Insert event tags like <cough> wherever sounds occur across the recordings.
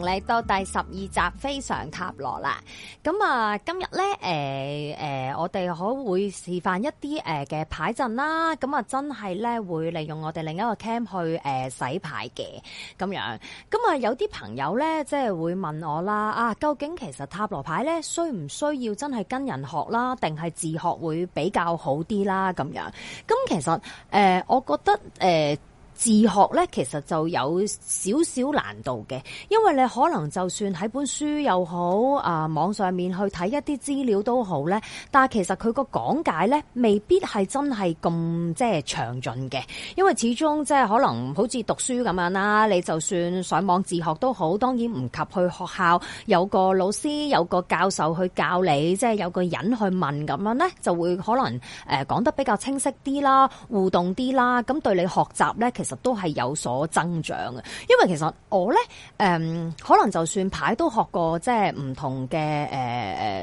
嚟到第十二集菲常塔羅啦，咁啊今日咧，誒、呃、誒、呃，我哋可會示範一啲誒嘅牌陣啦，咁啊真係咧會利用我哋另一個 cam 去誒、呃、洗牌嘅，咁樣，咁啊有啲朋友咧即係會問我啦，啊究竟其實塔羅牌咧需唔需要真係跟人學啦，定係自學會比較好啲啦，咁樣，咁其實誒、呃，我覺得誒。呃自學咧，其實就有少少難度嘅，因為你可能就算喺本書又好，啊網上面去睇一啲資料都好咧，但係其實佢個講解咧，未必係真係咁即係詳盡嘅，因為始終即係可能好似讀書咁樣啦，你就算上網自學都好，當然唔及去學校有個老師有個教授去教你，即係有個人去問咁樣咧，就會可能誒、呃、講得比較清晰啲啦，互動啲啦，咁對你學習咧其實。其實都係有所增長嘅，因為其實我咧，誒、嗯，可能就算牌都學過，即係唔同嘅，誒，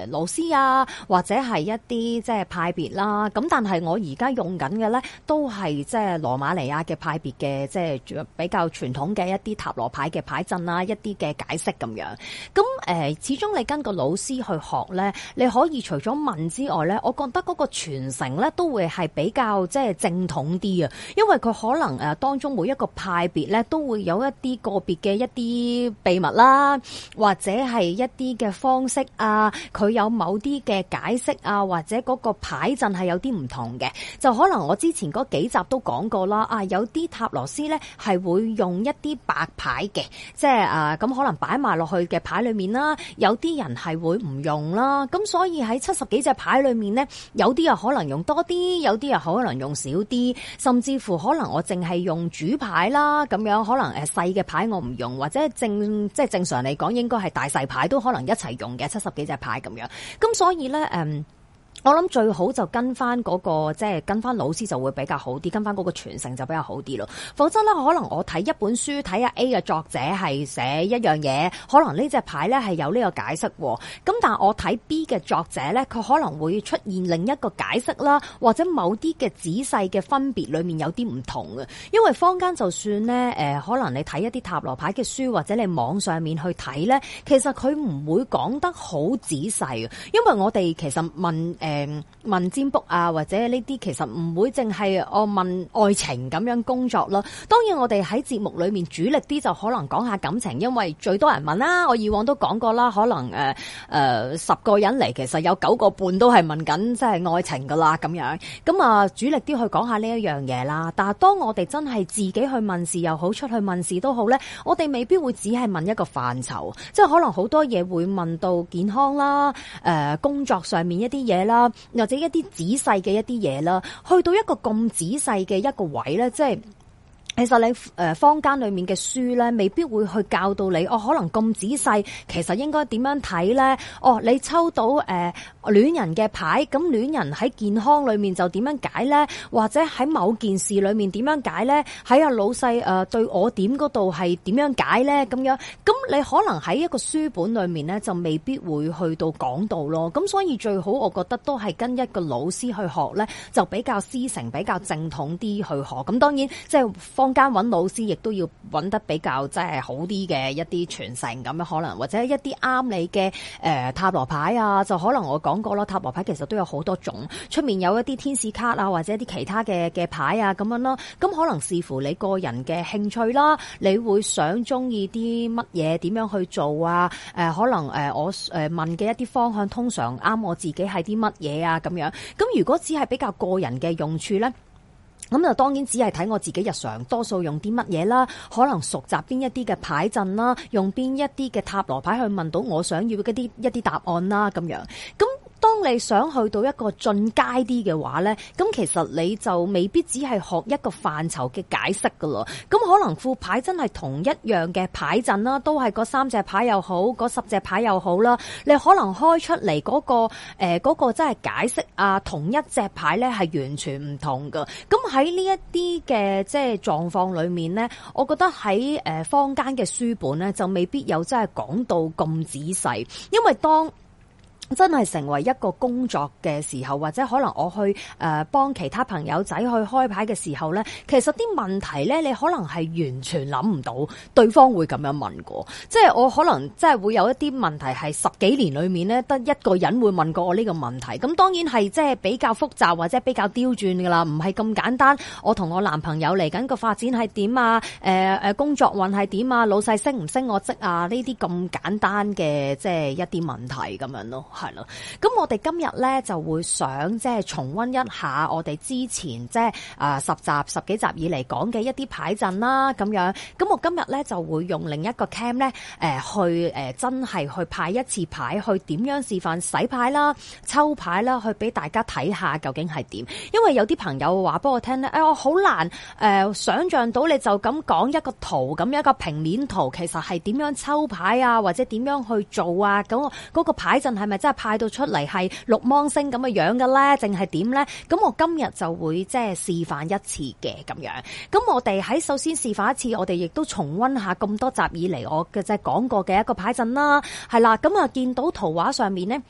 誒，老師啊，或者係一啲即係派別啦。咁但係我而家用緊嘅咧，都係即係羅馬尼亞嘅派別嘅，即係比較傳統嘅一啲塔羅牌嘅牌陣啦，啊，一啲嘅解釋咁樣。咁誒、呃，始終你跟個老師去學咧，你可以除咗問之外咧，我覺得嗰個傳承咧都會係比較即係正統啲啊，因為佢可能誒當。呃中每一個派別咧，都會有一啲個別嘅一啲秘密啦，或者係一啲嘅方式啊，佢有某啲嘅解釋啊，或者嗰個牌陣係有啲唔同嘅，就可能我之前嗰幾集都講過啦。啊，有啲塔羅斯咧係會用一啲白牌嘅，即係啊，咁可能擺埋落去嘅牌裏面啦。有啲人係會唔用啦，咁所以喺七十幾隻牌裏面咧，有啲又可能用多啲，有啲又可能用少啲，甚至乎可能我淨係用。主牌啦，咁樣可能誒細嘅牌我唔用，或者正即係正常嚟講，應該係大細牌都可能一齊用嘅，七十幾隻牌咁樣，咁所以咧誒。嗯我諗最好就跟翻嗰個，即係跟翻老師就會比較好啲，跟翻嗰個傳承就比較好啲咯。否則咧，可能我睇一本書睇下 A 嘅作者係寫一樣嘢，可能呢隻牌咧係有呢個解釋喎。咁但係我睇 B 嘅作者咧，佢可能會出現另一個解釋啦，或者某啲嘅仔細嘅分別裏面有啲唔同。因為坊間就算咧、呃、可能你睇一啲塔羅牌嘅書或者你網上面去睇咧，其實佢唔會講得好仔細。因為我哋其實問、呃問占卜啊，或者呢啲其實唔會淨係我問愛情咁樣工作咯。當然我哋喺節目裏面主力啲就可能講下感情，因為最多人問啦。我以往都講過啦，可能誒誒、呃呃、十個人嚟，其實有九個半都係問緊即係愛情噶啦咁樣。咁啊、呃、主力啲去講下呢一樣嘢啦。但係當我哋真係自己去問事又好，出去問事都好咧，我哋未必會只係問一個範疇，即係可能好多嘢會問到健康啦，誒、呃、工作上面一啲嘢啦。或者一啲仔細嘅一啲嘢啦，去到一個咁仔細嘅一個位咧，即係其實你誒坊間裏面嘅書咧，未必會去教到你哦。可能咁仔細，其實應該點樣睇咧？哦，你抽到誒。呃戀人嘅牌，咁戀人喺健康裏面就點樣解咧？或者喺某件事裏面點樣解咧？喺阿老細誒對我點嗰度係點樣解咧？咁樣，咁你可能喺一個書本裏面咧，就未必會去到講到咯。咁所以最好，我覺得都係跟一個老師去學咧，就比較師承比較正統啲去學。咁當然，即係坊間揾老師，亦都要揾得比較即係好啲嘅一啲傳承咁樣，可能或者一啲啱你嘅誒、呃、塔羅牌啊，就可能我講。講過啦，塔羅牌其實都有好多種，出面有一啲天使卡啊，或者一啲其他嘅嘅牌啊，咁樣咯。咁可能視乎你個人嘅興趣啦，你會想中意啲乜嘢，點樣去做啊？誒、呃，可能誒、呃，我誒、呃、問嘅一啲方向，通常啱我自己係啲乜嘢啊？咁樣咁，如果只係比較個人嘅用處咧，咁就當然只係睇我自己日常，多數用啲乜嘢啦？可能熟習邊一啲嘅牌陣啦，用邊一啲嘅塔羅牌去問到我想要嘅一啲一啲答案啦，咁樣咁。當你想去到一個進階啲嘅話呢，咁其實你就未必只係學一個範疇嘅解釋噶咯。咁可能副牌真係同一樣嘅牌陣啦，都係嗰三隻牌又好，嗰十隻牌又好啦。你可能開出嚟嗰個，誒嗰個真係解釋啊，同一隻牌呢係完全唔同噶。咁喺呢一啲嘅即係狀況裏面呢，我覺得喺誒坊間嘅書本呢，就未必有真係講到咁仔細，因為當。真係成為一個工作嘅時候，或者可能我去誒幫、呃、其他朋友仔去開牌嘅時候呢，其實啲問題呢，你可能係完全諗唔到對方會咁樣問過。即係我可能即係會有一啲問題係十幾年裏面呢，得一個人會問過我呢個問題。咁當然係即係比較複雜或者比較刁鑽噶啦，唔係咁簡單。我同我男朋友嚟緊個發展係點啊？誒、呃、誒，工作運係點啊？老細升唔升我職啊？呢啲咁簡單嘅即係一啲問題咁樣咯。係啦，咁我哋今日呢，就會想即係重温一下我哋之前即係啊十集十幾集以嚟講嘅一啲牌陣啦，咁樣，咁我今日呢，就會用另一個 cam 呢，誒、呃、去誒、呃、真係去派一次牌，去點樣示範洗牌啦、抽牌啦，去俾大家睇下究竟係點。因為有啲朋友話，俾、哎、我聽呢，誒我好難誒想象到你就咁講一個圖咁樣一個平面圖，其實係點樣抽牌啊，或者點樣去做啊？咁、那、嗰個牌陣係咪？即係派到出嚟係六芒星咁嘅樣嘅咧，淨係點咧？咁我今日就會即係示範一次嘅咁樣。咁我哋喺首先示範一次，我哋亦都重溫下咁多集以嚟我嘅即係講過嘅一個牌陣啦。係啦，咁啊見到圖畫上面咧。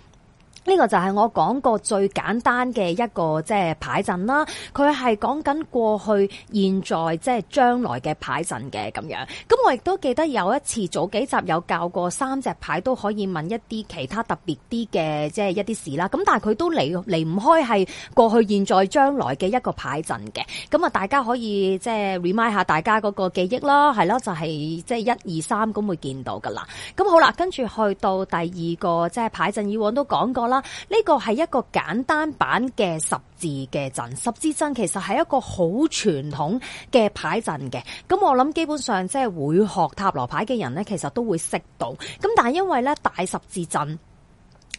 呢個就係我講過最簡單嘅一個即係牌陣啦，佢係講緊過去、現在、即係將來嘅牌陣嘅咁樣，咁我亦都記得有一次早幾集有教過三隻牌都可以問一啲其他特別啲嘅即係一啲事啦。咁但係佢都離離唔開係過去、現在、將來嘅一個牌陣嘅。咁啊，大家可以即係 remind 下大家個記憶啦，係咯，就係即係一二三咁會見到噶啦。咁、嗯、好啦，跟住去到第二個即係牌陣以往都講過啦。呢個係一個簡單版嘅十字嘅陣，十字陣其實係一個好傳統嘅牌陣嘅。咁我諗基本上即係會學塔羅牌嘅人呢，其實都會識到。咁但係因為呢大十字陣。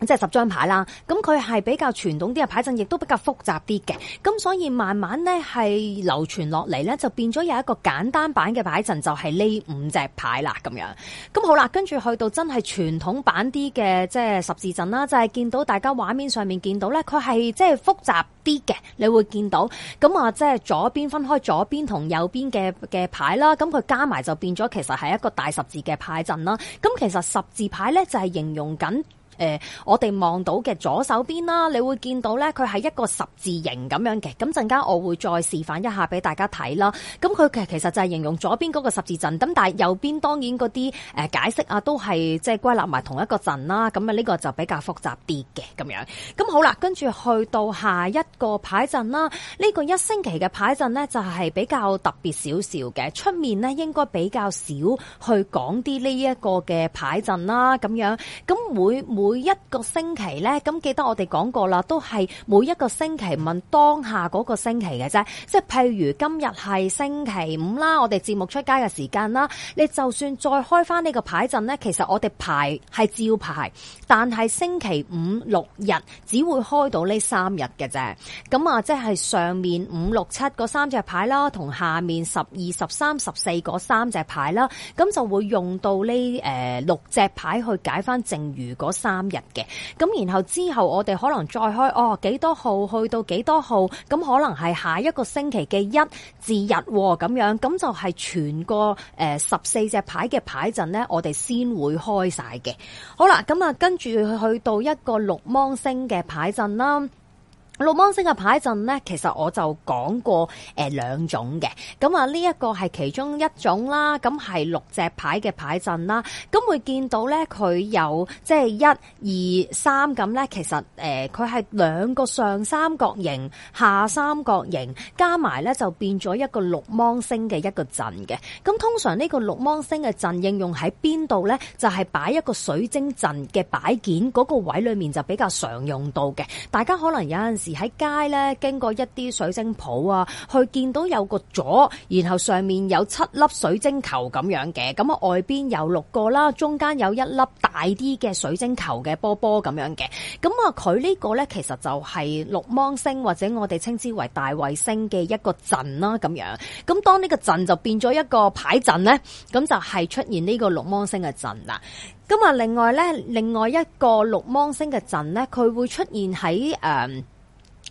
即係十張牌啦，咁佢係比較傳統啲嘅牌陣，亦都比較複雜啲嘅，咁所以慢慢咧係流傳落嚟咧，就變咗有一個簡單版嘅牌陣，就係呢五隻牌啦，咁樣。咁好啦，跟住去到真係傳統版啲嘅即係十字陣啦，就係見到大家畫面上面見到咧，佢係即係複雜啲嘅，你會見到咁啊，即係左邊分開左邊同右邊嘅嘅牌啦，咁佢加埋就變咗其實係一個大十字嘅牌陣啦。咁其實十字牌咧就係形容緊。誒、呃，我哋望到嘅左手邊啦，你會見到咧，佢係一個十字形咁樣嘅。咁陣間我會再示範一下俾大家睇啦。咁佢其實就係形容左邊嗰個十字陣。咁但係右邊當然嗰啲、呃、解釋啊，都係即係歸納埋同一個陣啦。咁啊，呢個就比較複雜啲嘅咁樣。咁好啦，跟住去到下一個牌陣啦。呢、呢個一星期嘅牌陣呢，就係比較特別少少嘅。出面呢，應該比較少去講啲呢一個嘅牌陣啦。咁樣咁每每，每每一個星期呢，咁記得我哋講過啦，都係每一個星期問當下嗰個星期嘅啫。即係譬如今日係星期五啦，我哋節目出街嘅時間啦，你就算再開翻呢個牌陣呢，其實我哋排係照牌，但係星期五六日只會開到呢三日嘅啫。咁啊，即係上面五六七嗰三隻牌啦，同下面十二十三十四嗰三隻牌啦，咁就會用到呢誒六隻牌去解翻剩餘嗰三。三日嘅，咁然後之後我哋可能再開哦，幾多號去到幾多號，咁可能係下一個星期嘅一至日咁，哦，咁樣，咁就係全個誒十四隻牌嘅牌陣呢，我哋先會開晒嘅。好啦，咁啊，跟住去去到一個六芒星嘅牌陣啦。六芒星嘅牌陣呢，其實我就講過誒兩、呃、種嘅，咁啊呢一個係其中一種啦，咁係六隻牌嘅牌陣啦，咁會見到呢，佢有即係、就是、一、二、三咁呢其實誒佢係兩個上三角形、下三角形加埋呢就變咗一個六芒星嘅一個陣嘅。咁通常呢個六芒星嘅陣應用喺邊度呢？就係、是、擺一個水晶陣嘅擺件嗰個位裏面就比較常用到嘅。大家可能有陣時。喺街咧經過一啲水晶鋪啊，去見到有個座，然後上面有七粒水晶球咁樣嘅，咁啊外邊有六個啦，中間有一粒大啲嘅水晶球嘅波波咁樣嘅，咁啊佢呢個咧其實就係六芒星或者我哋稱之為大衛星嘅一個陣啦咁樣，咁當呢個陣就變咗一個牌陣咧，咁就係出現呢個六芒星嘅陣啦。咁啊另外咧另外一個六芒星嘅陣咧，佢會出現喺誒。嗯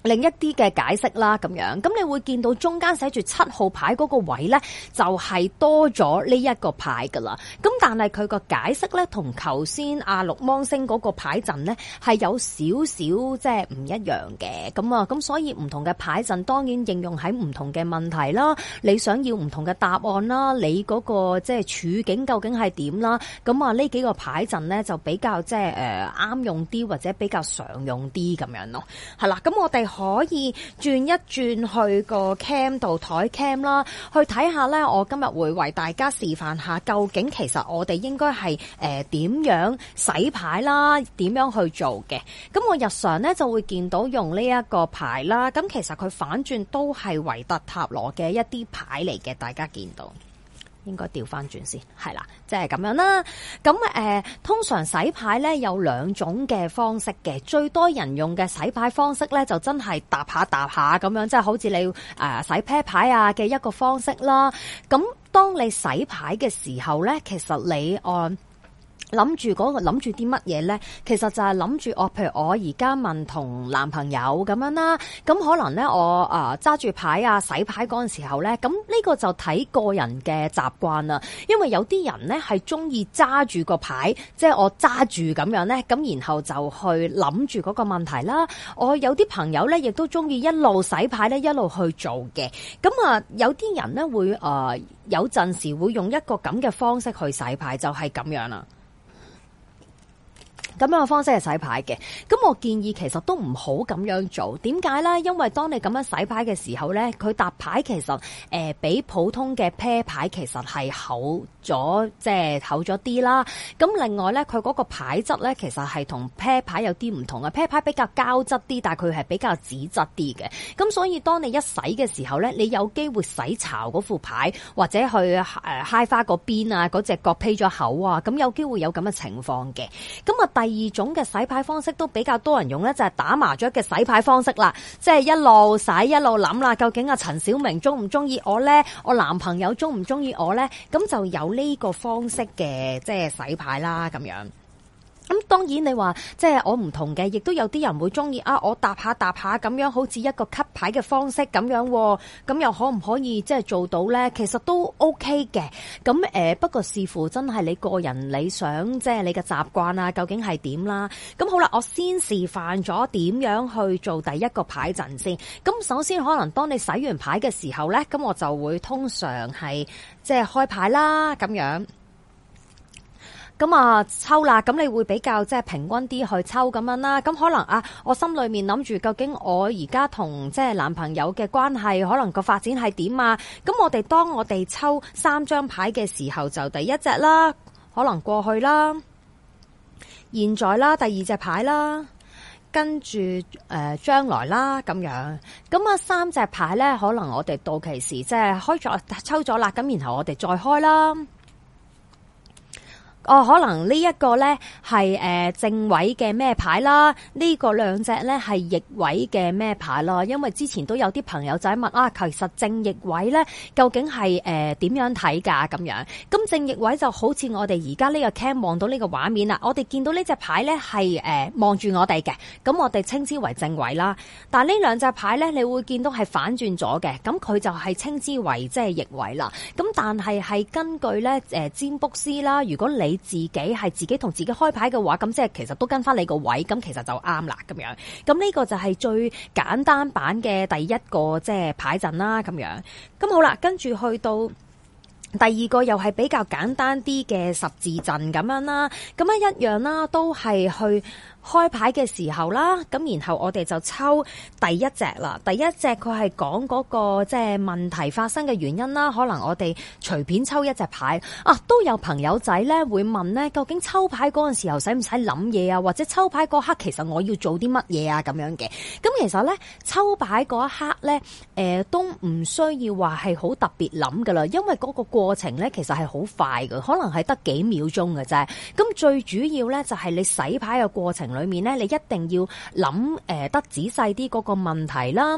另一啲嘅解釋啦，咁樣咁你會見到中間寫住七號牌嗰個位呢，就係多咗呢一個牌噶啦。咁但係佢個解釋呢，同頭先阿六芒星嗰個牌陣呢，係有少少即係唔一樣嘅。咁啊，咁所以唔同嘅牌陣當然應用喺唔同嘅問題啦，你想要唔同嘅答案啦，你嗰個即係處境究竟係點啦？咁啊，呢幾個牌陣呢，就比較即係誒啱用啲，或者比較常用啲咁樣咯。係啦，咁我哋。可以轉一轉去個 cam 度台 cam 啦，去睇下呢。我今日會為大家示範下，究竟其實我哋應該係呃、點樣洗牌啦，點樣去做嘅。咁我日常呢就會見到用呢一個牌啦。咁其實佢反轉都係維特塔羅嘅一啲牌嚟嘅，大家見到。應該調翻轉先，係啦，即係咁樣啦。咁、呃、通常洗牌咧有兩種嘅方式嘅，最多人用嘅洗牌方式咧就真係搭下搭下咁樣，即、就、係、係、好似你、呃、洗啤牌啊嘅一個方式啦。咁當你洗牌嘅時候咧，其實你按。諗住嗰個，諗住啲乜嘢呢？其實就係諗住我，譬如我而家問同男朋友咁樣啦。咁可能呢，我啊揸住牌啊洗牌嗰陣時候呢，咁呢個就睇個人嘅習慣啦。因為有啲人呢係中意揸住個牌，即係我揸住咁樣呢。咁然後就去諗住嗰個問題啦。我有啲朋友呢，亦都中意一路洗牌呢，一路去做嘅。咁啊，有啲人呢會啊、呃，有陣時會用一個咁嘅方式去洗牌，就係咁樣啦。咁樣嘅方式係洗牌嘅，咁我建議其實都唔好咁樣做。點解咧？因為當你咁樣洗牌嘅時候咧，佢搭牌其實、呃、比普通嘅啤牌其實係好咗即係厚咗啲啦。咁另外呢，佢嗰個牌質呢，其實係同啤牌有啲唔同嘅。啤牌比較膠質啲，但係佢係比較紙質啲嘅。咁所以當你一洗嘅時候呢，你有機會洗巢嗰副牌，或者去嗨花個邊啊，嗰隻角披咗口啊，咁有機會有咁嘅情況嘅。咁啊，第二種嘅洗牌方式都比較多人用呢，就係、是、打麻雀嘅洗牌方式啦。即、就、係、是、一路洗一路諗啦，究竟阿陳小明中唔中意我呢？我男朋友中唔中意我呢？」咁就有。呢個方式嘅即係洗牌啦，咁樣。咁當然你話即係我唔同嘅，亦都有啲人會中意啊！我搭下搭下咁樣，好似一個吸牌嘅方式咁樣，咁又可唔可以即係做到呢？其實都 OK 嘅。咁誒，不過視乎真係你個人理想，即係你嘅習慣啊，究竟係點啦？咁好啦，我先示範咗點樣去做第一個牌陣先。咁首先可能當你洗完牌嘅時候呢，咁我就會通常係即係開牌啦咁樣。咁啊抽啦，咁你會比較即係平均啲去抽咁樣啦。咁可能啊，我心裏面諗住究竟我而家同即係男朋友嘅關係，可能個發展係點啊？咁我哋當我哋抽三張牌嘅時候，就第一隻啦，可能過去啦，現在啦，第二隻牌啦，跟住誒將來啦，咁樣。咁啊三隻牌呢，可能我哋到期時即係開咗抽咗啦，咁然後我哋再開啦。哦，可能這個呢一個咧係誒正位嘅咩牌啦，呢、這個兩隻咧係逆位嘅咩牌啦。因為之前都有啲朋友仔問啊，其實正逆位咧究竟係誒點樣睇噶咁樣？咁正逆位就好似我哋而家呢個 cam 望到呢個畫面啦，我哋見到這牌呢隻牌咧係誒望住我哋嘅，咁我哋稱之為正位啦。但係呢兩隻牌咧，你會見到係反轉咗嘅，咁佢就係稱之為即係、就是、逆位啦。咁但係係根據咧誒、呃、占卜師啦，如果你自己係自己同自己開牌嘅話，咁即係其實都跟翻你個位，咁其實就啱啦咁樣。咁呢個就係最簡單版嘅第一個即係牌陣啦，咁樣。咁好啦，跟住去到第二個又係比較簡單啲嘅十字陣咁樣啦，咁樣一樣啦，都係去。開牌嘅時候啦，咁然後我哋就抽第一隻啦。第一隻佢係講嗰個即係問題發生嘅原因啦。可能我哋隨便抽一隻牌啊，都有朋友仔咧會問咧，究竟抽牌嗰陣時候使唔使諗嘢啊？或者抽牌嗰刻其實我要做啲乜嘢啊？咁樣嘅。咁其實咧抽牌嗰一刻咧，誒，都唔需要話係好特別諗噶啦，因為嗰個過程咧其實係好快嘅，可能係得幾秒鐘嘅啫。咁最主要咧就係你洗牌嘅過程。裏面你一定要諗誒、呃，得仔細啲嗰個問題啦。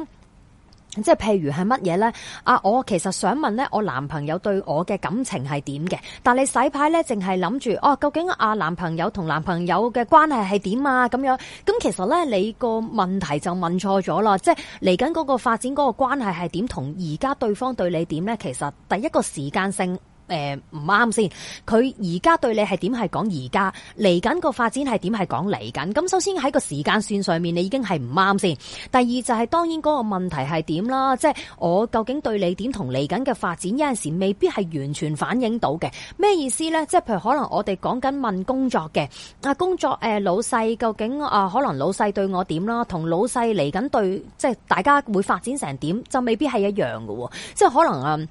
即係譬如係乜嘢呢？啊，我其實想問呢，我男朋友對我嘅感情係點嘅？但你洗牌呢，淨係諗住哦，究竟、啊、男朋友同男朋友嘅關係係點啊？咁樣咁其實呢，你個問題就問錯咗啦。即係嚟緊嗰個發展嗰個關係係點，同而家對方對你點呢？其實第一個時間性。誒，唔啱先。佢而家對你係點係講？而家嚟緊個發展係點係講嚟緊？咁首先喺個時間線上面，你已經係唔啱先。第二就係、是、當然嗰個問題係點啦，即係我究竟對你點同嚟緊嘅發展有陣時未必係完全反映到嘅。咩意思呢？即係譬如可能我哋講緊問工作嘅啊，工作誒、呃，老細究竟啊、呃，可能老細對我點啦，同老細嚟緊對即係大家會發展成點，就未必係一樣喎。即係可能啊。呃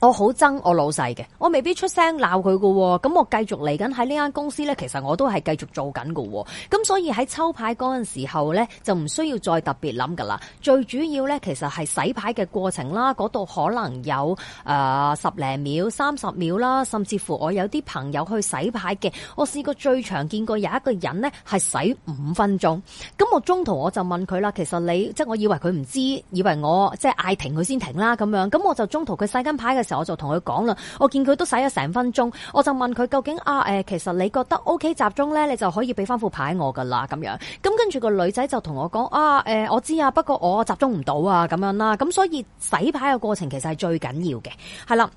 我好憎我老細嘅，我未必出聲鬧佢嘅，咁我繼續嚟緊喺呢間公司咧，其實我都係繼續做緊嘅，咁所以喺抽牌嗰陣時候咧，就唔需要再特別諗噶啦。最主要咧，其實係洗牌嘅過程啦，嗰度可能有誒、呃、十零秒、三十秒啦，甚至乎我有啲朋友去洗牌嘅，我試過最長見過有一個人咧係洗五分鐘，咁我中途我就問佢啦，其實你即係我以為佢唔知，以為我即係嗌停佢先停啦咁樣，咁我就中途佢洗緊牌嘅。時我就同佢講啦，我見佢都洗咗成分鐘，我就問佢究竟啊誒、其實你覺得 OK 集中呢？你就可以俾翻副牌我噶啦咁樣。咁跟住個女仔就同我講啊、欸、我知啊，不過我集中唔到啊咁樣啦，咁所以洗牌嘅過程其實係最緊要嘅，係啦。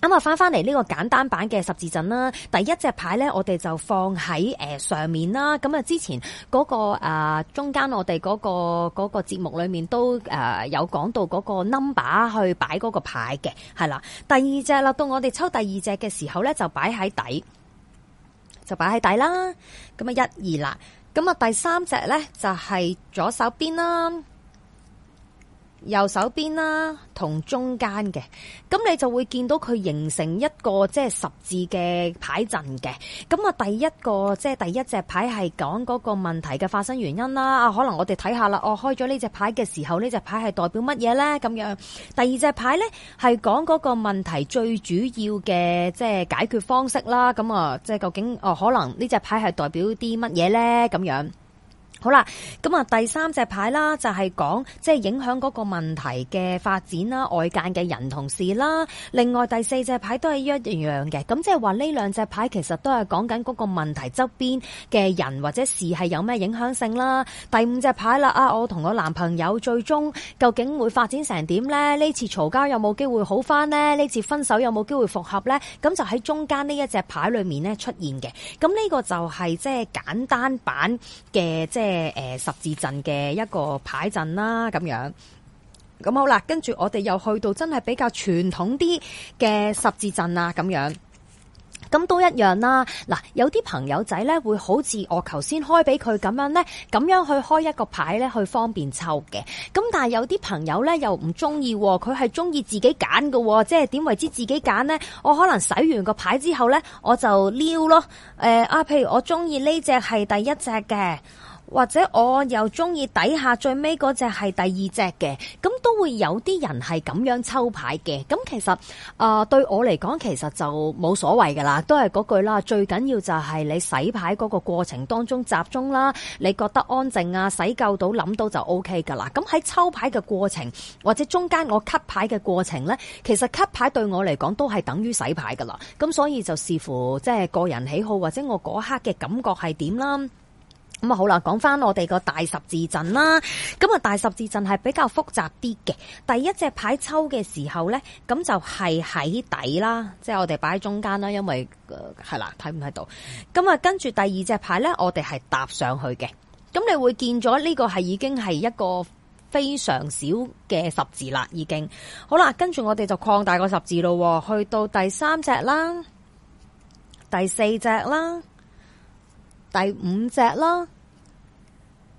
咁啊，翻翻嚟呢個簡單版嘅十字陣啦，第一隻牌呢，我哋就放喺誒上面啦。咁啊，之前嗰個誒中間我哋嗰個嗰個節目裏面都誒有講到嗰個 number 去擺嗰個牌嘅，係啦。第二隻啦，到我哋抽第二隻嘅時候呢，就擺喺底，就擺喺底啦。咁啊，一二啦，咁啊，第三隻呢，就係左手邊啦。右手邊啦，同中間嘅，咁你就會見到佢形成一個即係、就是、十字嘅牌陣嘅。咁啊，第一個即係、就是、第一隻牌係講嗰個問題嘅發生原因啦。啊，可能我哋睇下啦，哦、啊，開咗呢隻牌嘅時候，呢隻牌係代表乜嘢呢？咁樣，第二隻牌呢係講嗰個問題最主要嘅即係解決方式啦。咁啊，即、啊、係、就是、究竟哦、啊，可能呢隻牌係代表啲乜嘢呢？咁樣。好啦，咁啊，第三隻牌啦，就係講即係影響嗰個問題嘅發展啦，外間嘅人同事啦。另外第四隻牌都係一樣嘅，咁即係話呢兩隻牌其實都係講緊嗰個問題側邊嘅人或者事係有咩影響性啦。第五隻牌啦，啊，我同我男朋友最終究竟會發展成點呢？呢次嘈交有冇機會好返呢？呢次分手有冇機會復合呢？咁就喺中間呢一隻牌裏面呢出現嘅。咁呢個就係即係簡單版嘅即係。誒、呃、十字陣嘅一個牌陣啦，咁樣咁好啦。跟住我哋又去到真係比較傳統啲嘅十字陣啦，咁樣咁都一樣啦。嗱，有啲朋友仔呢會好似我頭先開俾佢咁樣呢，咁樣去開一個牌呢去方便抽嘅。咁但係有啲朋友呢又唔中意，佢係中意自己揀喎，即係點為之自己揀呢？我可能洗完個牌之後呢，我就撩咯誒啊、呃，譬如我中意呢隻係第一隻嘅。或者我又中意底下最尾嗰隻係第二隻嘅，咁都會有啲人係咁樣抽牌嘅。咁其實，對、呃、對我嚟講，其實就冇所謂噶啦，都係嗰句啦。最緊要就係你洗牌嗰個過程當中集中啦，你覺得安靜啊，洗夠到諗到就 OK 噶啦。咁喺抽牌嘅過程或者中間我 cut 牌嘅過程呢，其實 cut 牌對我嚟講都係等於洗牌噶啦。咁所以就視乎即係、就是、個人喜好或者我嗰刻嘅感覺係點啦。咁啊好啦，講翻我哋個大十字陣啦。咁啊大十字陣係比較複雜啲嘅。第一隻牌抽嘅時候呢，咁就係喺底啦，即係我哋擺喺中間啦。因為係、呃、啦，睇唔睇到？咁啊，跟住第二隻牌呢，我哋係搭上去嘅。咁你會見咗呢個係已經係一個非常小嘅十字啦，已經好啦。跟住我哋就擴大個十字咯，去到第三隻啦，第四隻啦。第五隻啦，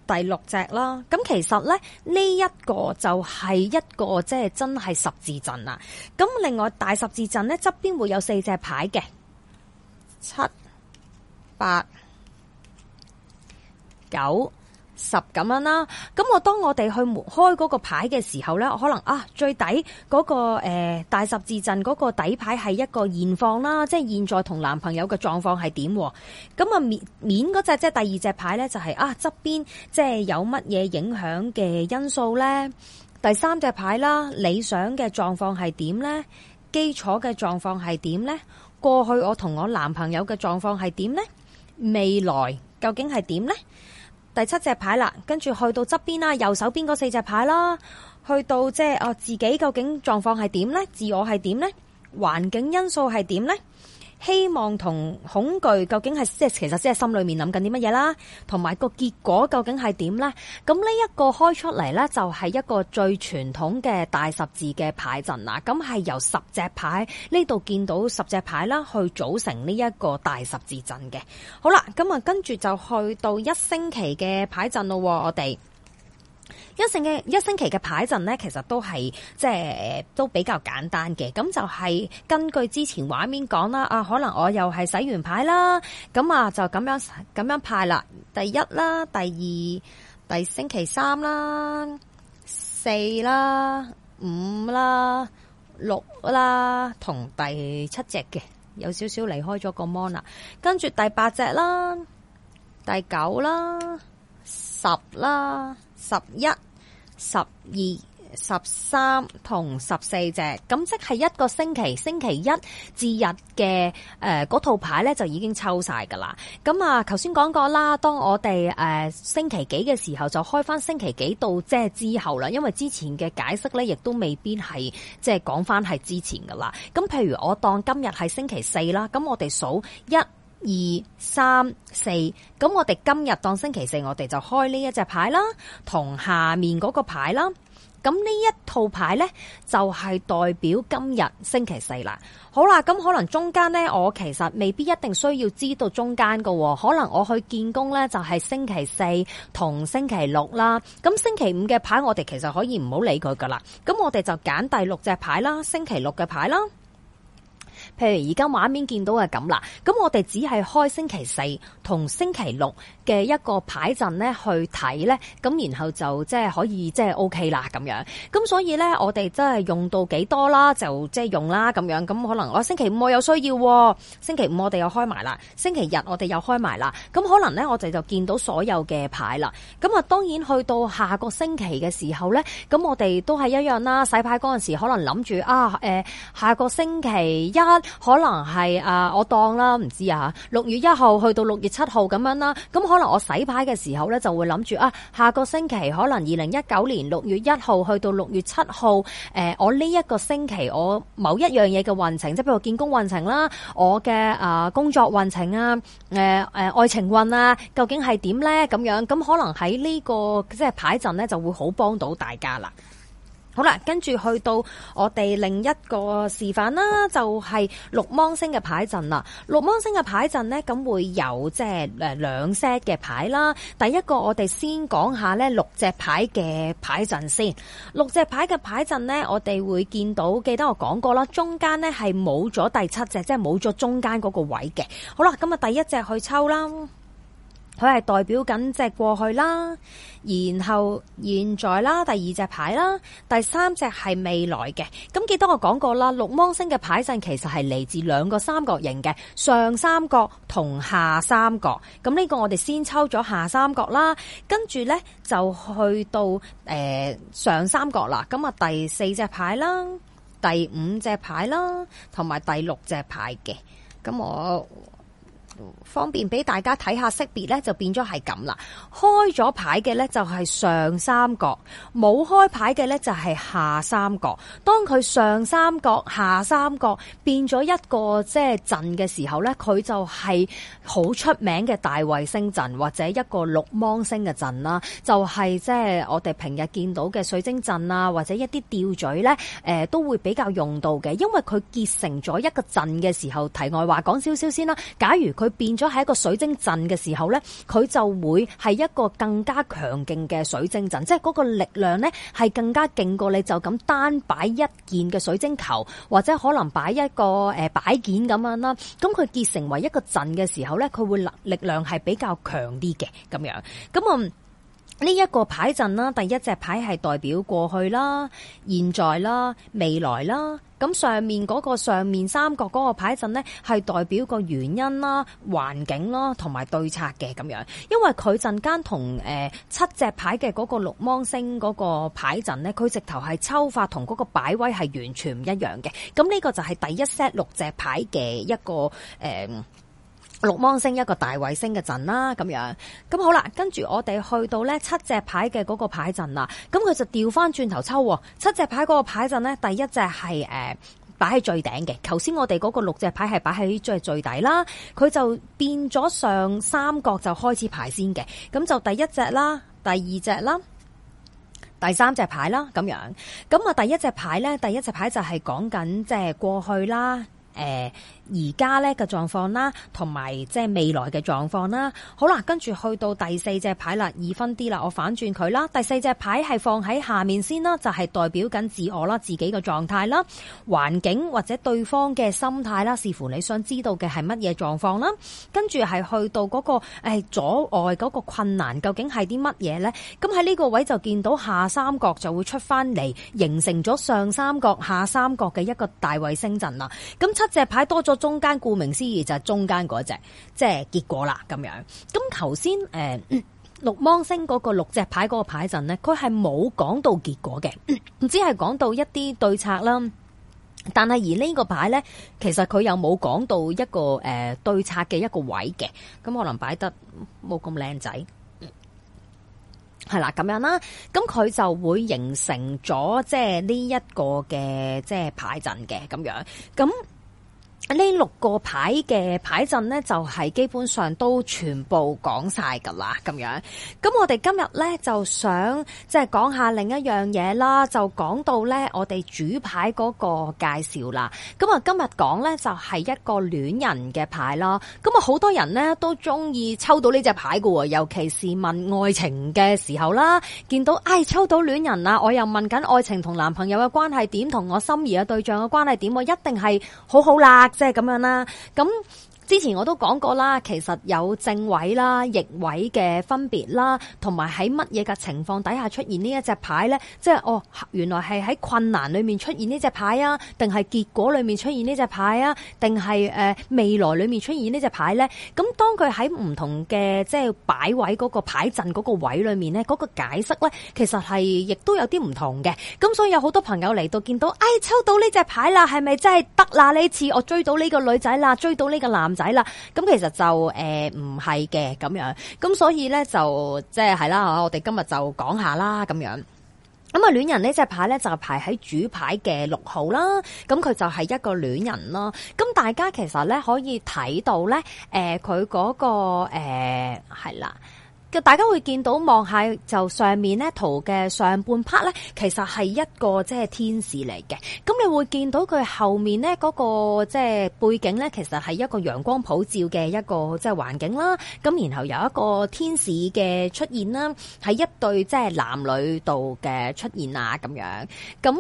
第六隻啦，咁其實呢，呢一個就係一個即係、就是、真係十字陣啦。咁另外大十字陣呢側邊會有四隻牌嘅，七、八、九。十咁樣啦，咁我當我哋去開嗰個牌嘅時候呢，我可能啊最底嗰，那個誒、呃、大十字陣嗰個底牌係一個現況啦，即係現在同男朋友嘅狀況係點？咁啊面嗰隻即係第二隻牌呢，就係、是，啊側邊即係有乜嘢影響嘅因素呢？第三隻牌啦，理想嘅狀況係點呢？基礎嘅狀況係點呢？過去我同我男朋友嘅狀況係點呢？未來究竟係點呢？第七隻牌啦，跟住去到側邊啦，右手邊個四隻牌啦，去到即係哦，自己究竟狀況係點呢？自我係點呢？環境因素係點呢？希望同恐懼究竟係即係其實即係心裏面諗緊啲乜嘢啦，同埋個結果究竟係點咧？咁呢一個開出嚟咧，就係一個最傳統嘅大十字嘅牌陣啦。咁係由十隻牌呢度見到十隻牌啦，去組成呢一個大十字陣嘅。好啦，咁啊跟住就去到一星期嘅牌陣咯，我哋。一成嘅一星期嘅牌陣咧，其實都係即係都比較簡單嘅。咁就係根據之前畫面講啦，啊，可能我又係洗完牌啦，咁啊就咁樣咁樣派啦。第一啦，第二，第星期三啦，四啦，五啦，六啦，同第七隻嘅有少少離開咗個 Mon 啦，跟住第八隻啦，第九啦，十啦。十一、十二、十三同十四隻，咁即係一個星期，星期一至日嘅，誒嗰套牌咧就已經抽晒噶啦。咁啊，頭先講過啦，當我哋誒、呃、星期幾嘅時候就開翻星期幾到即係之後啦，因為之前嘅解釋咧亦都未必係即係講翻係之前噶啦。咁譬如我當今日係星期四啦，咁我哋數一。二三四，咁我哋今日當星期四，我哋就開呢一隻牌啦，同下面嗰個牌啦。咁呢一套牌呢，就係代表今日星期四啦。好啦，咁可能中間呢，我其實未必一定需要知道中間喎。可能我去見工呢，就係星期四同星期六啦。咁星期五嘅牌我哋其實可以唔好理佢噶啦。咁我哋就揀第六隻牌啦，星期六嘅牌啦。譬如而家畫面見到嘅咁啦，咁我哋只係開星期四同星期六嘅一個牌陣咧，去睇咧，咁然後就即係可以即係 OK 啦咁樣，咁所以咧，我哋真係用到幾多啦，就即係用啦咁樣。咁可能我、哎、星期五我有需要、哦，星期五我哋又開埋啦，星期日我哋又開埋啦。咁可能咧，我哋就見到所有嘅牌啦。咁啊，當然去到下個星期嘅時候咧，咁我哋都係一樣啦。洗牌嗰陣時，可能諗住啊，誒、呃、下個星期一可能係啊，我當啦，唔知啊。六月一號去到六月七號咁樣啦。咁可可能我洗牌嘅時候呢，就會諗住啊，下個星期可能二零一九年六月一號去到六月七號，誒、呃，我呢一個星期我某一樣嘢嘅運程，即係譬如我見工運程啦，我嘅、呃、工作運程啊，誒、呃、誒、呃、愛情運啊，究竟係點呢？咁樣咁可能喺呢、這個即係牌陣呢，就會好幫到大家啦。好啦，跟住去到我哋另一個示範啦，就係六芒星嘅牌陣啦。六芒星嘅牌陣呢，咁會有即係兩 set 嘅牌啦。第一個我哋先講下呢六隻牌嘅牌陣先。六隻牌嘅牌陣呢，我哋會見到，記得我講過啦，中間呢係冇咗第七隻，即係冇咗中間嗰個位嘅。好啦，咁啊第一隻去抽啦。佢係代表緊隻過去啦，然後現在啦，第二隻牌啦，第三隻係未來嘅。咁記得我講過啦，六芒星嘅牌陣其實係嚟自兩個三角形嘅上三角同下三角。咁呢個我哋先抽咗下三角啦，跟住呢，就去到、呃、上三角啦。咁啊，第四隻牌啦，第五隻牌啦，同埋第六隻牌嘅。咁我，方便俾大家睇下識別呢，就變咗係咁啦。開咗牌嘅呢，就係上三角，冇開牌嘅呢，就係下三角。當佢上三角、下三角變咗一個即係陣嘅時候呢，佢就係好出名嘅大衛星陣或者一個六芒星嘅陣啦。就係即係我哋平日見到嘅水晶陣啊，或者一啲吊墜呢，誒、呃、都會比較用到嘅。因為佢結成咗一個陣嘅時候，題外話講少少先啦。假如佢佢變咗係一個水晶陣嘅時候呢，佢就會係一個更加強勁嘅水晶陣，即係嗰個力量呢，係更加勁過你就咁單擺一件嘅水晶球，或者可能擺一個誒擺件咁樣啦。咁佢結成為一個陣嘅時候呢，佢會力量係比較強啲嘅咁樣。咁我。呢一個牌陣啦，第一隻牌係代表過去啦、現在啦、未來啦。咁上面嗰個上面三角嗰個牌陣呢，係代表個原因啦、環境啦，同埋對策嘅。咁樣因為佢陣間同誒、呃、七隻牌嘅嗰個六芒星嗰個牌陣呢，佢直頭係抽法同嗰個擺位係完全唔一樣嘅。咁呢個就係第一 set 六隻牌嘅一個誒。呃六芒星一個大衛星嘅陣啦，咁樣咁好啦，跟住，我哋去到呢七隻牌嘅嗰個牌陣啦，咁佢就調翻轉頭抽七隻牌嗰個牌陣呢，第一隻係誒擺喺最頂嘅，頭先我哋嗰個六隻牌係擺喺最最底啦，佢就變咗上三角就開始排先嘅，咁就第一隻啦，第二隻啦，第三隻牌啦，咁樣，咁啊第一隻牌呢，第一隻牌就係講緊即係過去啦，誒、呃。而家咧嘅狀況啦，同埋即係未來嘅狀況啦。好啦，跟住去到第四隻牌啦，二分啲啦，我反轉佢啦。第四隻牌係放喺下面先啦，就係、是、代表緊自我啦、自己嘅狀態啦、環境或者對方嘅心態啦，視乎你想知道嘅係乜嘢狀況啦。跟住係去到、那個誒、哎、阻礙個困難究竟係啲乜嘢咧？咁喺呢個位就見到下三角就會出翻嚟，形成咗上三角、下三角嘅一個大衛星陣啦。咁七隻牌多咗。中間顧名思義就係中間嗰隻，即係結果啦咁樣。咁頭先誒六芒星嗰個六隻牌嗰個牌陣咧，佢係冇講到結果嘅，只係講到一啲對策啦。但係而呢個牌咧，其實佢又冇講到一個誒、呃、對策嘅一個位嘅，咁可能擺得冇咁靚仔。係、嗯、啦，咁樣啦，咁佢就會形成咗即係呢一個嘅即係牌陣嘅咁樣咁。呢六個牌嘅牌陣呢，就係基本上都全部講晒噶啦，咁樣。咁我哋今日呢，就想即係講下另一樣嘢啦，就講到呢我哋主牌嗰個介紹啦。咁啊，今日講呢，就係一個戀人嘅牌啦。咁啊，好多人呢，都中意抽到呢隻牌噶，尤其是問愛情嘅時候啦，見到唉抽到戀人啦，我又問緊愛情同男朋友嘅關係點，同我心儀嘅對象嘅關係點，我一定係好好啦。即係咁樣啦，咁。之前我都講過啦，其實有正位啦、逆位嘅分別啦，同埋喺乜嘢嘅情況底下出現呢一隻牌呢？即係哦，原來係喺困難裏面出現呢隻牌啊，定係結果裏面出現呢隻牌啊，定係、呃、未來裏面出現呢隻牌呢？咁當佢喺唔同嘅即係擺位嗰個牌陣嗰個位裏面呢，嗰個解釋呢，其實係亦都有啲唔同嘅。咁所以有好多朋友嚟到見到，哎，抽到呢隻牌啦，係咪真係得啦呢次我追到呢個女仔啦，追到呢個男？仔啦，咁其實就誒唔係嘅咁樣，咁所以咧，就即係係啦，我哋今日就講下啦咁樣。咁啊戀人呢隻牌咧，就排喺主牌嘅六號啦，咁佢就係一個戀人啦，咁大家其實咧可以睇到咧，誒佢嗰個誒係、呃、啦。大家會見到，望下就上面咧圖嘅上半 part 咧，其實係一個即係天使嚟嘅。咁你會見到佢後面咧嗰個即係背景咧，其實係一個陽光普照嘅一個即係環境啦。咁然後有一個天使嘅出現啦，喺一對即係男女度嘅出現啊，咁樣。咁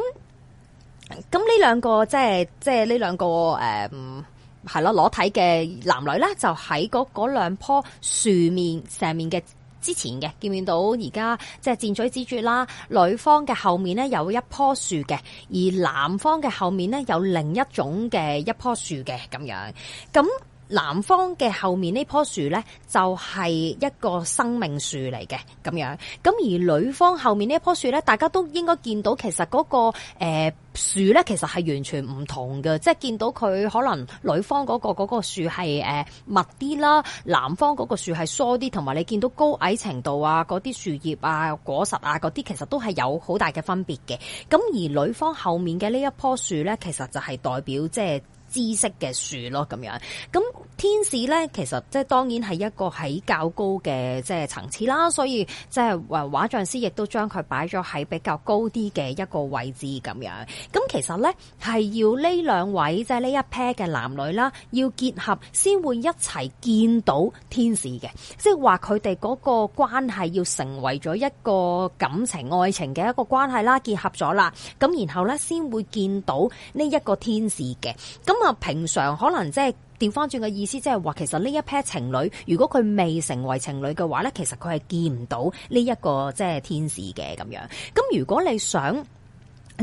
咁呢兩個即係即係呢兩個誒。嗯係咯，裸體嘅男女咧就喺嗰兩兩棵樹面上面嘅之前嘅，見唔見到而家即係箭嘴指住啦。女方嘅後面咧有一棵樹嘅，而男方嘅後面咧有另一種嘅一棵樹嘅咁樣，咁。男方嘅後面呢棵樹呢，就係、是、一個生命樹嚟嘅咁樣。咁而女方後面呢一棵樹呢，大家都應該見到，其實嗰、那個誒、呃、樹呢，其實係完全唔同嘅。即係見到佢可能女方嗰、那個嗰、那個樹係誒、呃、密啲啦，男方嗰個樹係疏啲，同埋你見到高矮程度啊，嗰啲樹葉啊、果實啊嗰啲，其實都係有好大嘅分別嘅。咁而女方後面嘅呢一棵樹呢，其實就係代表即係。知識嘅樹咯，咁樣，咁天使咧，其實即係當然係一個喺較高嘅即係層次啦，所以即係話畫像師亦都將佢擺咗喺比較高啲嘅一個位置咁樣。咁其實咧係要呢兩位即係呢一 pair 嘅男女啦，要結合先會一齊見到天使嘅，即係話佢哋嗰個關係要成為咗一個感情愛情嘅一個關係啦，結合咗啦，咁然後咧先會見到呢一個天使嘅，咁。咁啊，平常可能即係調翻轉嘅意思、就是，即係話其實呢一 pair 情侶，如果佢未成為情侶嘅話咧，其實佢係見唔到呢、這、一個即係、就是、天使嘅咁樣。咁如果你想，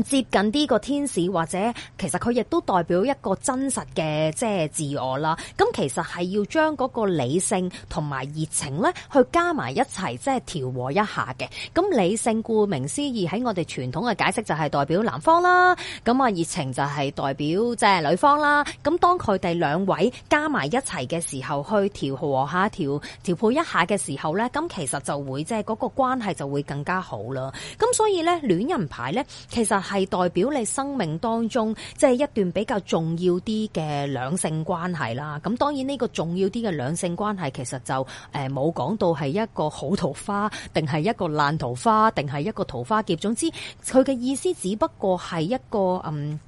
接近呢個天使，或者其實佢亦都代表一個真實嘅即係自我啦。咁其實係要將嗰個理性同埋熱情咧，去加埋一齊，即係調和一下嘅。咁理性顧名思義喺我哋傳統嘅解釋就係代表男方啦。咁啊熱情就係代表即係女方啦。咁當佢哋兩位加埋一齊嘅時候，去調和下、調調配一下嘅時候咧，咁其實就會即係嗰個關係就會更加好啦。咁所以咧戀人牌咧，其實～係代表你生命當中即係、就是、一段比較重要啲嘅兩性關係啦。咁當然呢個重要啲嘅兩性關係，其實就誒冇講到係一個好桃花，定係一個爛桃花，定係一個桃花劫。總之佢嘅意思只不過係一個嗯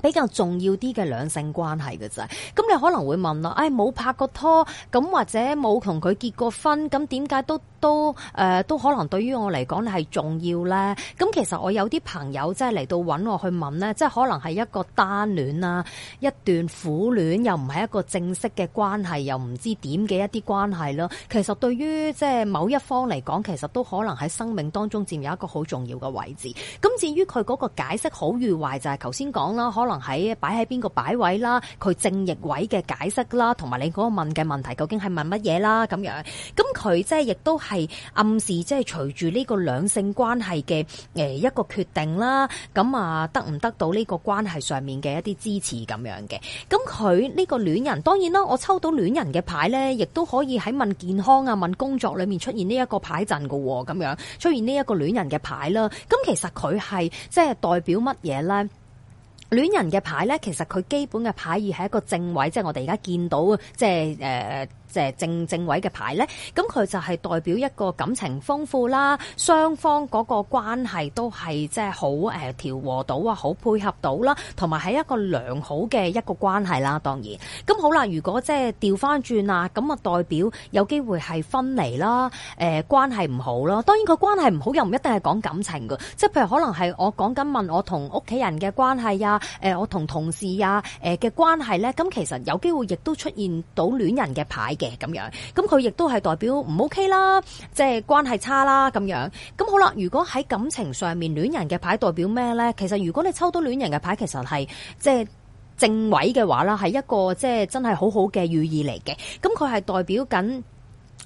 比較重要啲嘅兩性關係嘅啫。咁你可能會問啦，誒、哎、冇拍過拖，咁或者冇同佢結過婚，咁點解都？都誒、呃、都可能對於我嚟講係重要咧。咁其實我有啲朋友即係嚟到揾我去問咧，即係可能係一個單戀啦，一段苦戀又唔係一個正式嘅關係，又唔知點嘅一啲關係咯。其實對於即係某一方嚟講，其實都可能喺生命當中佔有一個好重要嘅位置。咁至於佢嗰個解釋好與壞就係頭先講啦，可能喺擺喺邊個擺位啦，佢正逆位嘅解釋啦，同埋你嗰個問嘅問題究竟係問乜嘢啦，咁樣，咁佢即係亦都係暗示即係隨住呢個兩性關係嘅誒一個決定啦，咁啊得唔得到呢個關係上面嘅一啲支持咁樣嘅？咁佢呢個戀人，當然啦，我抽到戀人嘅牌呢，亦都可以喺問健康啊、問工作裏面出現呢一個牌陣噶，咁樣出現呢一個戀人嘅牌啦。咁其實佢係即係代表乜嘢呢？戀人嘅牌呢，其實佢基本嘅牌意係一個正位，即係我哋而家見到，即係誒。呃即係正正位嘅牌咧，咁佢就係代表一個感情豐富啦，雙方嗰個關係都係即係好誒調和到啊，好配合到啦，同埋喺一個良好嘅一個關係啦。當然，咁好啦，如果即係掉返轉啊，咁啊代表有機會係分離啦，誒、呃、關係唔好囉。當然，個關係唔好又唔一定係講感情噶，即係譬如可能係我講緊，問我同屋企人嘅關係啊，誒我同同事啊，誒、呃、嘅關係咧，咁其實有機會亦都出現到戀人嘅牌。嘅咁樣，咁佢亦都係代表唔 OK 啦，即係關係差啦咁樣。咁好啦，如果喺感情上面戀人嘅牌代表咩呢？其實如果你抽到戀人嘅牌，其實係即係正位嘅話啦，係一個即係真係好好嘅寓意嚟嘅。咁佢係代表緊。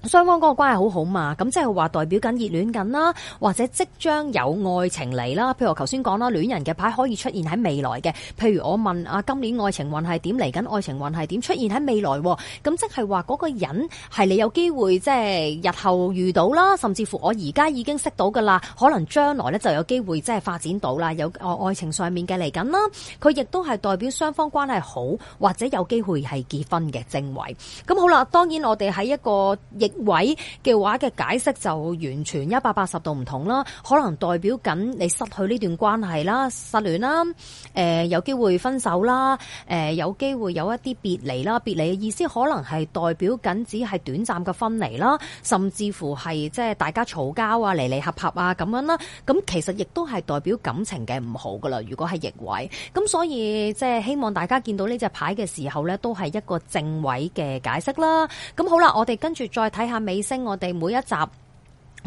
雙方嗰個關係好好嘛？咁即係話代表緊熱戀緊啦，或者即將有愛情嚟啦。譬如我頭先講啦，戀人嘅牌可以出現喺未來嘅。譬如我問啊，今年愛情運係點？嚟緊愛情運係點？出現喺未來，咁即係話嗰個人係你有機會即係日後遇到啦，甚至乎我而家已經識到噶啦，可能將來呢就有機會即係發展到啦，有愛情上面嘅嚟緊啦。佢亦都係代表雙方關係好，或者有機會係結婚嘅正位。咁好啦，當然我哋喺一個位嘅話嘅解釋就完全一百八十度唔同啦，可能代表緊你失去呢段關係啦，失戀啦，誒、呃、有機會分手啦，誒、呃、有機會有一啲別離啦，別離嘅意思可能係代表緊只係短暫嘅分離啦，甚至乎係即係大家嘈交啊，離離合合啊咁樣啦，咁其實亦都係代表感情嘅唔好噶啦，如果係逆位，咁所以即係希望大家見到呢隻牌嘅時候呢，都係一個正位嘅解釋啦。咁好啦，我哋跟住再。睇下尾聲，我哋每一集，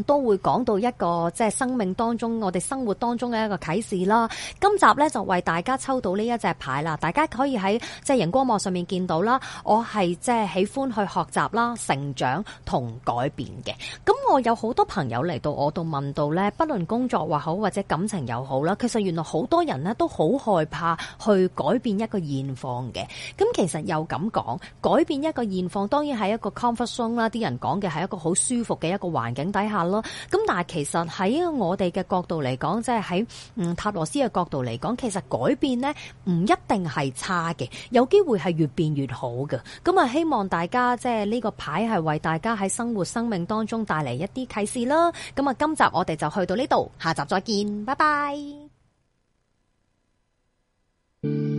都會講到一個即係生命當中，我哋生活當中嘅一個啟示啦。今集咧就為大家抽到呢一隻牌啦，大家可以喺即係熒光幕上面見到啦。我係即係喜歡去學習啦、成長同改變嘅。咁我有好多朋友嚟到我度問到咧，不論工作又好或者感情又好啦，其實原來好多人咧都好害怕去改變一個現況嘅。咁其實又咁講，改變一個現況當然係一個 comfort zone 啦。啲人講嘅係一個好舒服嘅一個環境底下啦。咁但係其實喺我哋嘅角度嚟講，即係喺嗯，塔羅斯嘅角度嚟講，其實改變呢唔一定係差嘅，有機會係越變越好嘅。咁啊，希望大家即係呢個牌係為大家喺生活生命當中帶嚟一啲啟示啦。咁啊，今集我哋就去到呢度，下集再見，拜拜。 <music>